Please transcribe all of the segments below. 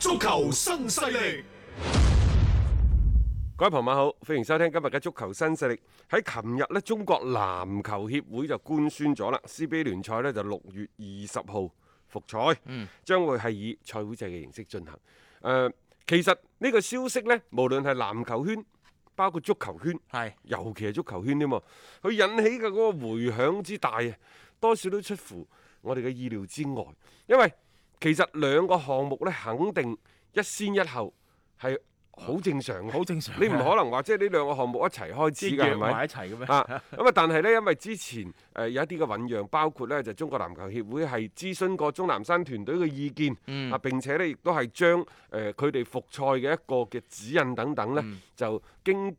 足球新勢力，各位朋友，好，歡迎收聽今日嘅足球新勢力。喺琴日呢，中國籃球協會就官宣咗啦，CBA 聯賽呢就六月二十號復賽，嗯，將會係以賽會制嘅形式進行。誒、呃，其實呢個消息呢，無論係籃球圈，包括足球圈，係是，尤其係足球圈添，佢引起嘅嗰個回響之大啊，多少都出乎我哋嘅意料之外，因為。其實兩個項目咧，肯定一先一後係好正常好正常，你唔可能話即係呢兩個項目一齊開始㗎，係咪？啊，咁啊！但係呢，因為之前誒、呃、有一啲嘅醞釀，包括呢就是、中國籃球協會係諮詢過鍾南山團隊嘅意見，嗯、啊並且呢亦都係將誒佢哋復賽嘅一個嘅指引等等呢。嗯、就經。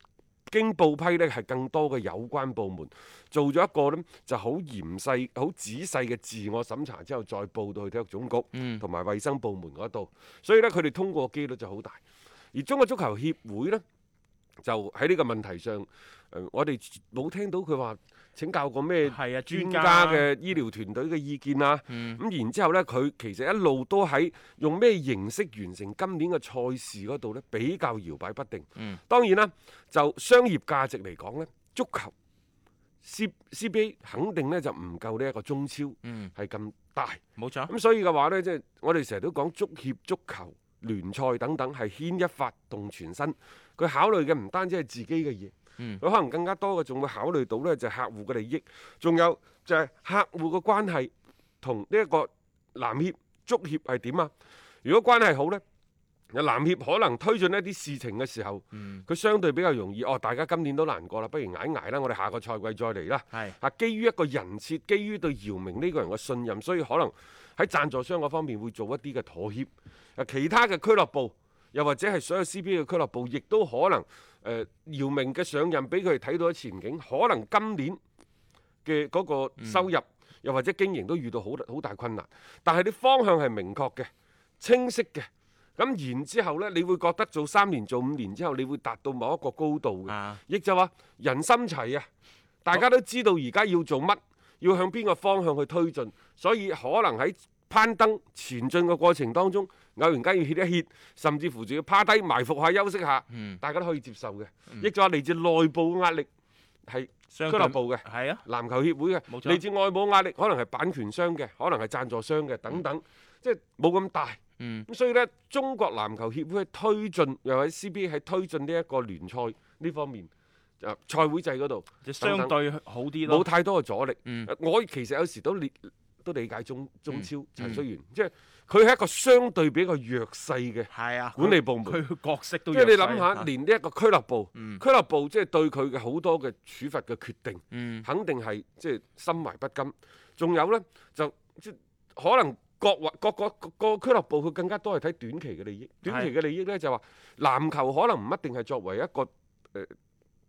經報批呢係更多嘅有關部門做咗一個呢就好嚴細、好仔細嘅自我審查之後，再報到去體育總局，同埋衞生部門嗰度，所以呢，佢哋通過嘅機率就好大，而中國足球協會呢。就喺呢個問題上，誒、呃，我哋冇聽到佢話請教過咩專家嘅醫療團隊嘅意見啊。咁、嗯嗯、然後之後呢，佢其實一路都喺用咩形式完成今年嘅賽事嗰度呢，比較搖擺不定。嗯，當然啦，就商業價值嚟講呢，足球 C CBA 肯定呢就唔夠呢一個中超。嗯，係咁大。冇錯。咁、嗯、所以嘅話呢，即、就、係、是、我哋成日都講足協足球。聯賽等等係牽一發動全身，佢考慮嘅唔單止係自己嘅嘢，佢、嗯、可能更加多嘅仲會考慮到呢，就係、客戶嘅利益，仲有就係客戶嘅關係同呢一個籃協足協係點啊？如果關係好呢，有籃協可能推進一啲事情嘅時候，佢、嗯、相對比較容易。哦，大家今年都難過啦，不如捱捱啦，我哋下個賽季再嚟啦。係啊，基於一個人設，基於對姚明呢個人嘅信任，所以可能。喺贊助商嗰方面會做一啲嘅妥協，啊，其他嘅俱樂部又或者係所有 c p a 嘅俱樂部，亦都可能誒、呃，姚明嘅上任俾佢哋睇到嘅前景，可能今年嘅嗰個收入、嗯、又或者經營都遇到好好大困難，但係啲方向係明確嘅、清晰嘅，咁然之後呢，你會覺得做三年、做五年之後，你會達到某一個高度嘅，亦、啊、就話人心齊啊，大家都知道而家要做乜。要向邊個方向去推進，所以可能喺攀登前進嘅過程當中，偶然間要歇一歇，甚至乎要趴低埋伏下休息下，嗯、大家都可以接受嘅。亦就係嚟自內部壓力係俱樂部嘅，係啊近，籃球協會嘅，嚟錯自外部壓力可能係版權商嘅，可能係贊助商嘅等等，嗯、即係冇咁大。咁、嗯、所以呢，中國籃球協會推進又喺 CBA 係推進呢一個聯賽呢方面。啊！賽會制嗰度就相對好啲咯，冇太多嘅阻力。我其實有時都理都理解中中超陳戌源，即係佢係一個相對比較弱勢嘅，管理部門角色。即係你諗下，連呢一個俱樂部，俱樂部即係對佢嘅好多嘅處罰嘅決定，肯定係即係心懷不甘。仲有呢，就可能各或各個俱樂部佢更加多係睇短期嘅利益，短期嘅利益呢，就話籃球可能唔一定係作為一個誒。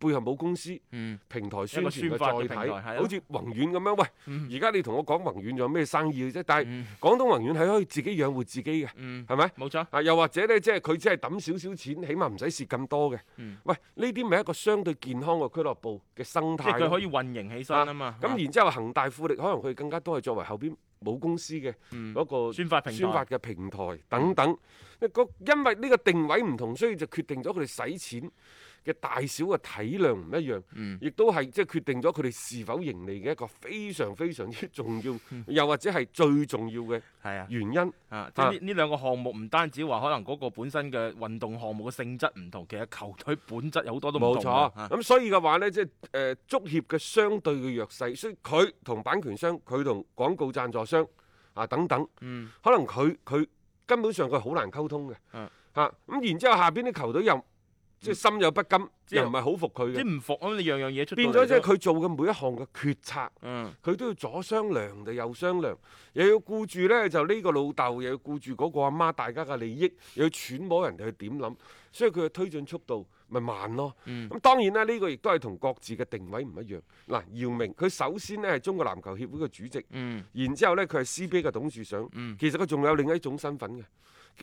背後冇公司平台宣傳嘅載體，好似宏遠咁樣。喂，而家你同我講宏遠仲有咩生意嘅啫？但係廣東宏遠係可以自己養活自己嘅，係咪？冇錯。啊，又或者咧，即係佢只係揼少少錢，起碼唔使蝕咁多嘅。喂，呢啲咪一個相對健康嘅俱樂部嘅生態。即係佢可以運營起身啊嘛。咁然之後，恒大富力可能佢更加多係作為後邊冇公司嘅嗰個宣發嘅平台等等。因為呢個定位唔同，所以就決定咗佢哋使錢。嘅大小嘅體量唔一樣，um, 亦都係即係決定咗佢哋是否盈利嘅一個非常非常之重要，嗯、又或者係最重要嘅原因、嗯、啊，呢兩個項目唔單止話可能嗰個本身嘅運動項目嘅性質唔同，其實球隊本質有好多都唔同，冇錯，咁、啊啊、所以嘅話呢，即係足協嘅相對嘅弱勢，所以佢同版權商、佢同廣告贊助商啊等等，嗯、可能佢佢根本上佢好難溝通嘅、啊啊啊啊啊啊。嗯，咁然之後下邊啲球隊又。即係心有不甘，嗯、又唔係好服佢。即唔服，咁你樣樣嘢出變咗，即係佢做嘅每一項嘅決策，佢、嗯、都要左商量就右商量，又要顧住咧就呢個老豆，又要顧住嗰個阿媽，媽，大家嘅利益，又要揣摩人哋去點諗，所以佢嘅推進速度咪慢咯。咁、嗯、當然啦，呢、呢個亦都係同各自嘅定位唔一樣。嗱，姚明佢首先咧係中國籃球協會嘅主席，嗯、然之後呢，佢係 CBA 嘅董事長，其實佢仲有另一種身份嘅。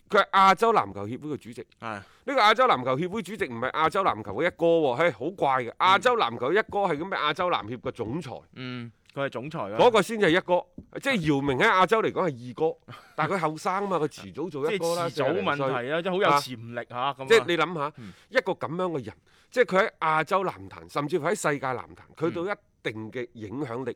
佢係亞洲籃球協會嘅主席，呢的個亞洲籃球協會主席唔係亞洲籃球嘅一哥，係好怪嘅。亞洲籃球一哥係咁咩？亞洲籃協嘅總裁，佢係、嗯嗯、總裁啦。嗰個先至係一哥，即係姚明喺亞洲嚟講係二哥， 但係佢後生嘛，佢遲早做一哥，即係遲早以問題啊，即係好有潛力吓、啊、咁。啊、即係你諗下，嗯、一個咁樣嘅人，即係佢喺亞洲籃壇，甚至乎喺世界籃壇，佢到一定嘅影響力、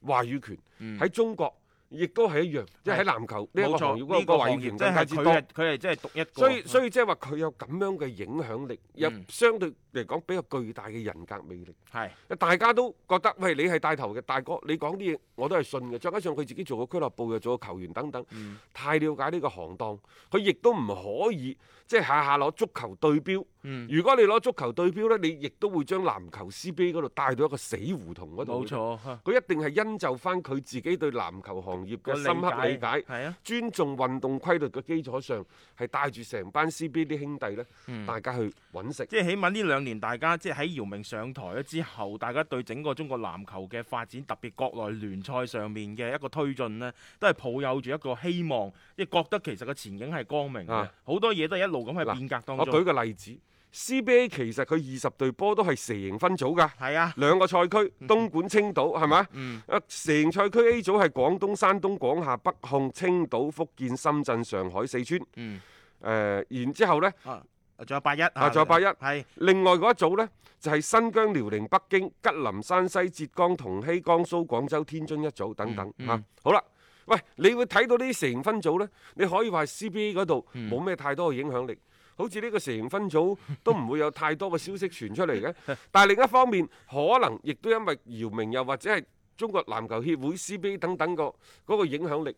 嗯、話語權喺中國。亦都係一樣，即係喺籃球呢一個行業嗰個位面，即係佢係佢係即係獨一個。所以、嗯、所以即係話佢有咁樣嘅影響力，又相對。嚟講比較巨大嘅人格魅力，係大家都覺得喂你係帶頭嘅大哥，你講啲嘢，我都係信嘅。再加上佢自己做過俱樂部又做過球員等等，太了解呢個行當，佢亦都唔可以即係下下攞足球對標。如果你攞足球對標咧，你亦都會將籃球 CBA 嗰度帶到一個死胡同嗰度。冇錯，佢一定係因就翻佢自己對籃球行業嘅深刻理解，尊重運動規律嘅基礎上，係帶住成班 CBA 啲兄弟咧，大家去搵食。即係起碼呢兩。年大家即係喺姚明上台咗之後，大家對整個中國籃球嘅發展，特別國內聯賽上面嘅一個推進呢，都係抱有住一個希望，即係覺得其實個前景係光明嘅。好、啊、多嘢都係一路咁去變革當中、啊。我舉個例子，CBA 其實佢二十隊波都係蛇形分組噶，係啊，兩個賽區，東莞、青島，係咪啊？嗯，蛇形賽區 A 組係廣東、山東、廣廈、北控、青島、福建、深圳、上海、四川。嗯，嗯，然之後咧。啊仲有八一，啊，仲有八一、啊，係另外嗰一組咧，就係、是、新疆、遼寧、北京、吉林、山西、浙江、同曦、江蘇、廣州、天津一組等等吓。好啦，喂，你會睇到呢蛇形分組呢，你可以話 CBA 嗰度冇咩太多嘅影響力，好似呢個蛇形分組都唔會有太多嘅消息傳出嚟嘅。 但係另一方面，可能亦都因為姚明又或者係中國籃球協會 CBA 等等個個影響力。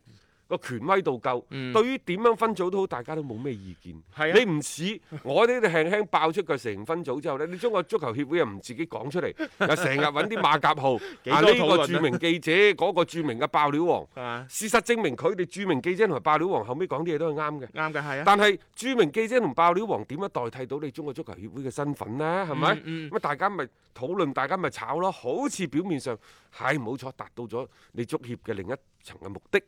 個權威度夠，對於點樣分組都好，大家都冇咩意見。你唔似我哋輕輕爆出個成分組之後咧，你中國足球協會又唔自己講出嚟，又成日揾啲馬甲號，呢個著名記者，嗰個著名嘅爆料王。事實證明，佢哋著名記者同爆料王後尾講啲嘢都係啱嘅。但係著名記者同爆料王點樣代替到你中國足球協會嘅身份呢？係咪？咁大家咪討論，大家咪炒咯。好似表面上係冇錯，達到咗你足協嘅另一層嘅目的。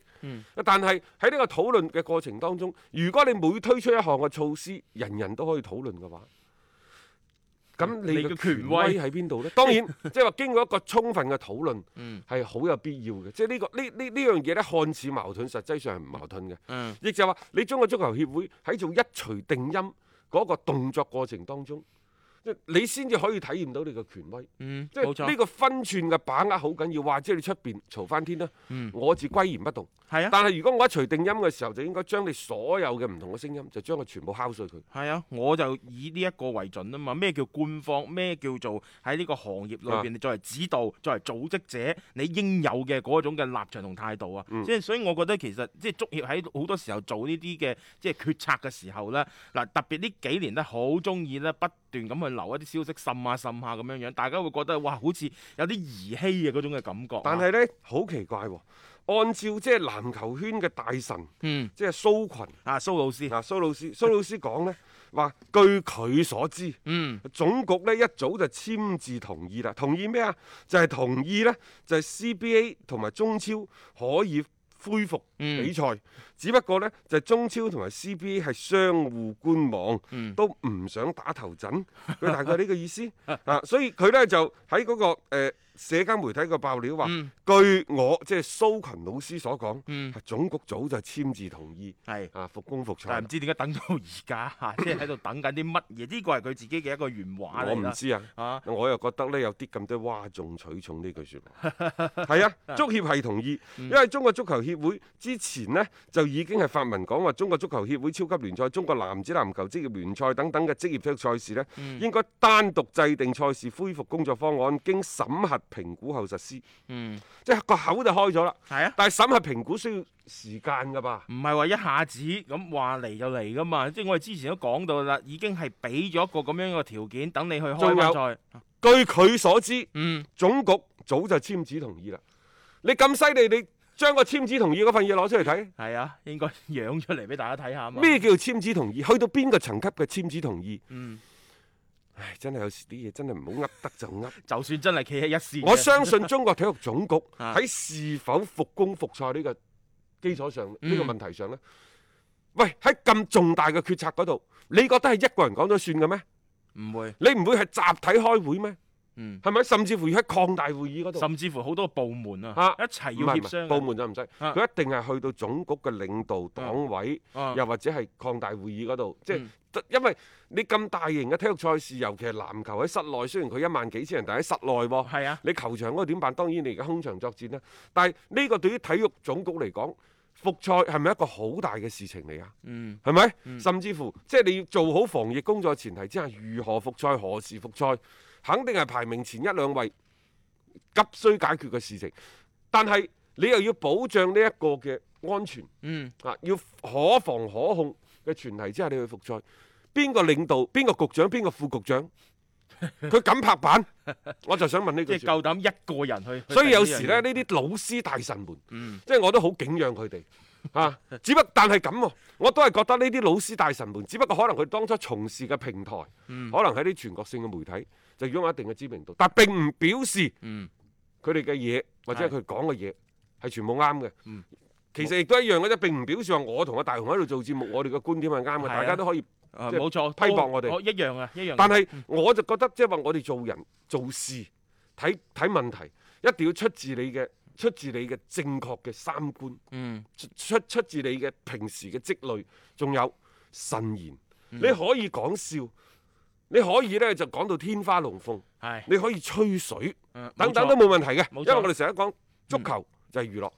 但係喺呢個討論嘅過程當中，如果你每推出一項嘅措施，人人都可以討論嘅話，咁你嘅權威喺邊度呢？嗯、當然，即係話經過一個充分嘅討論，係好有必要嘅。即係呢個呢呢呢樣嘢咧，看似矛盾，實際上係唔矛盾嘅。亦、嗯、就係話你中國足球協會喺做一錘定音嗰個動作過程當中。即你先至可以體驗到你嘅權威，即係呢個分寸嘅把握好緊要。哇！即係你出邊嘈翻天啦，嗯、我自巋然不動。係啊，但係如果我一錘定音嘅時候，就應該將你所有嘅唔同嘅聲音，就將佢全部敲碎佢。係啊，我就以呢一個為準啊嘛。咩叫官方？咩叫做喺呢個行業裏邊你作為指導、作為組織者，你應有嘅嗰種嘅立場同態度啊。即係、嗯、所以，我覺得其實即係足協喺好多時候做呢啲嘅即係決策嘅時候咧，嗱特別呢幾年咧，好中意咧不斷咁去。留一啲消息，滲下滲下咁樣樣，大家會覺得哇，好似有啲兒戲啊嗰種嘅感覺，但係咧好奇怪、哦、按照即係籃球圈嘅大神，嗯，即係蘇群啊，蘇老師啊，蘇老師，蘇老師講咧話，據佢所知，嗯，總局咧一早就簽字同意啦，同意咩啊？就係、是、同意咧，就係、是、CBA 同埋中超可以恢復。比賽只不過呢，就中超同埋 CBA 係相互觀望，都唔想打頭陣。佢大概呢個意思啊，所以佢呢就喺嗰個誒社交媒體個爆料話，據我即係蘇群老師所講，總局早就簽字同意，係啊，復工復賽，但唔知點解等到而家即係喺度等緊啲乜嘢？呢個係佢自己嘅一個原話。我唔知啊，我又覺得呢有啲咁多嘩眾取寵呢句說話，係啊，足協係同意，因為中國足球協會。之前呢，就已經係發文講話，中國足球協會超級聯賽、中國男子籃球職業聯賽等等嘅職業體育賽事呢，應該單獨制定賽事恢復工作方案，經審核評估後實施。嗯，即係個口就開咗啦。啊，但係審核評估需要時間㗎吧？唔係話一下子咁話嚟就嚟㗎嘛。即係我哋之前都講到啦，已經係俾咗一個咁樣嘅條件，等你去開賽。據佢所知，嗯，總局早就簽字同意啦。你咁犀利，你？將個簽字同意嗰份嘢，攞出嚟睇。係啊，應該揚出嚟俾大家睇下咩叫簽字同意？去到邊個層級嘅簽字同意？嗯，唉，真係有時啲嘢真係唔好噏得就噏， 就算真係企喺一線， 我相信中國體育總局喺是否復工復賽呢個基礎上呢，呢個問題上呢？嗯，喂，喺咁重大嘅決策嗰度，你覺得係一個人講咗算嘅咩？唔會，你唔會係集體開會咩？嗯，係咪甚至乎要喺擴大會議嗰度？甚至乎好多部門啊，啊一齊要協商、啊唔係唔係。部門就唔使，佢、啊、一定係去到總局嘅領導黨委，嗯啊、又或者係擴大會議嗰度，即係、嗯、因為你咁大型嘅體育賽事，尤其係籃球喺室內，雖然佢一萬幾千人，但喺室內喎。係啊，啊你球場嗰度點辦？當然你而家空場作戰啦、啊。但係呢個對於體育總局嚟講，復賽係咪一個好大嘅事情嚟啊？嗯，係咪、嗯？甚至乎即係你要做好防疫工作前提之下，如何復賽，何時復賽？肯定係排名前一兩位急需解決嘅事情，但係你又要保障呢一個嘅安全，嗯、啊，要可防可控嘅前提之下，你去復賽，邊個領導、邊個局長、邊個副局長，佢敢拍板？ 我就想問呢句。即係夠膽一個人去。所以有時咧，呢啲、嗯、老師大神、嗯、們，即係我都好敬仰佢哋。嚇，只不但係咁，我都係覺得呢啲老師大神們，只不過可能佢當初從事嘅平台，可能喺啲全國性嘅媒體，就擁有一定嘅知名度，但並唔表示佢哋嘅嘢或者佢講嘅嘢係全部啱嘅。其實亦都一樣嘅啫，並唔表示話我同阿大雄喺度做節目，我哋嘅觀點係啱嘅，大家都可以冇錯批駁我哋一樣啊，一樣。但係我就覺得即係話我哋做人做事睇睇問題，一定要出自你嘅。出自你嘅正確嘅三觀，出出出自你嘅平時嘅積累，仲有慎言。你可以講笑，你可以呢就講到天花龍鳳，你可以吹水，等等都冇問題嘅。因為我哋成日講足球就係娛樂，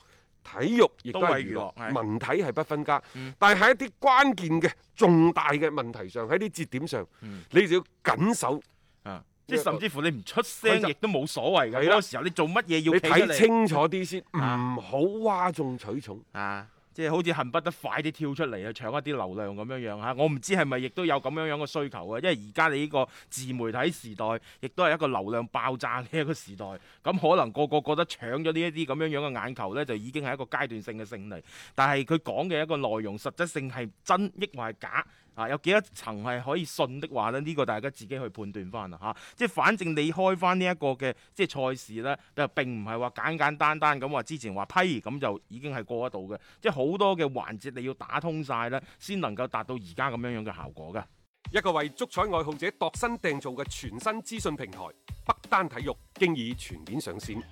體育亦都係娛樂，文體係不分家。但係喺一啲關鍵嘅重大嘅問題上，喺啲節點上，你就要緊守啊。即係甚至乎你唔出聲，亦實都冇所謂嘅。有的時候你做乜嘢要睇清楚啲先，唔好嘩眾取寵啊！即係好似恨不得快啲跳出嚟去搶一啲流量咁樣樣吓。我唔知係咪亦都有咁樣樣嘅需求啊？因為而家你呢個自媒體時代，亦都係一個流量爆炸嘅一個時代。咁可能個個覺得搶咗呢一啲咁樣樣嘅眼球呢，就已經係一個階段性嘅勝利。但係佢講嘅一個內容，實質性係真抑或係假？啊！有幾多層係可以信的話咧？呢、呢個大家自己去判斷翻啦嚇。即係反正你開翻呢一個嘅即係賽事呢就並唔係話簡簡單單咁話之前話批咁就已經係過得到嘅。即係好多嘅環節你要打通晒，呢先能夠達到而家咁樣樣嘅效果㗎。一個為足彩愛好者度身訂造嘅全新資訊平台北單體育經已全面上線。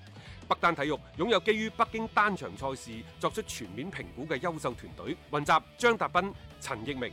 北單體育擁有基於北京單場賽事作出全面評估嘅優秀團隊，雲集張達斌、陳奕明。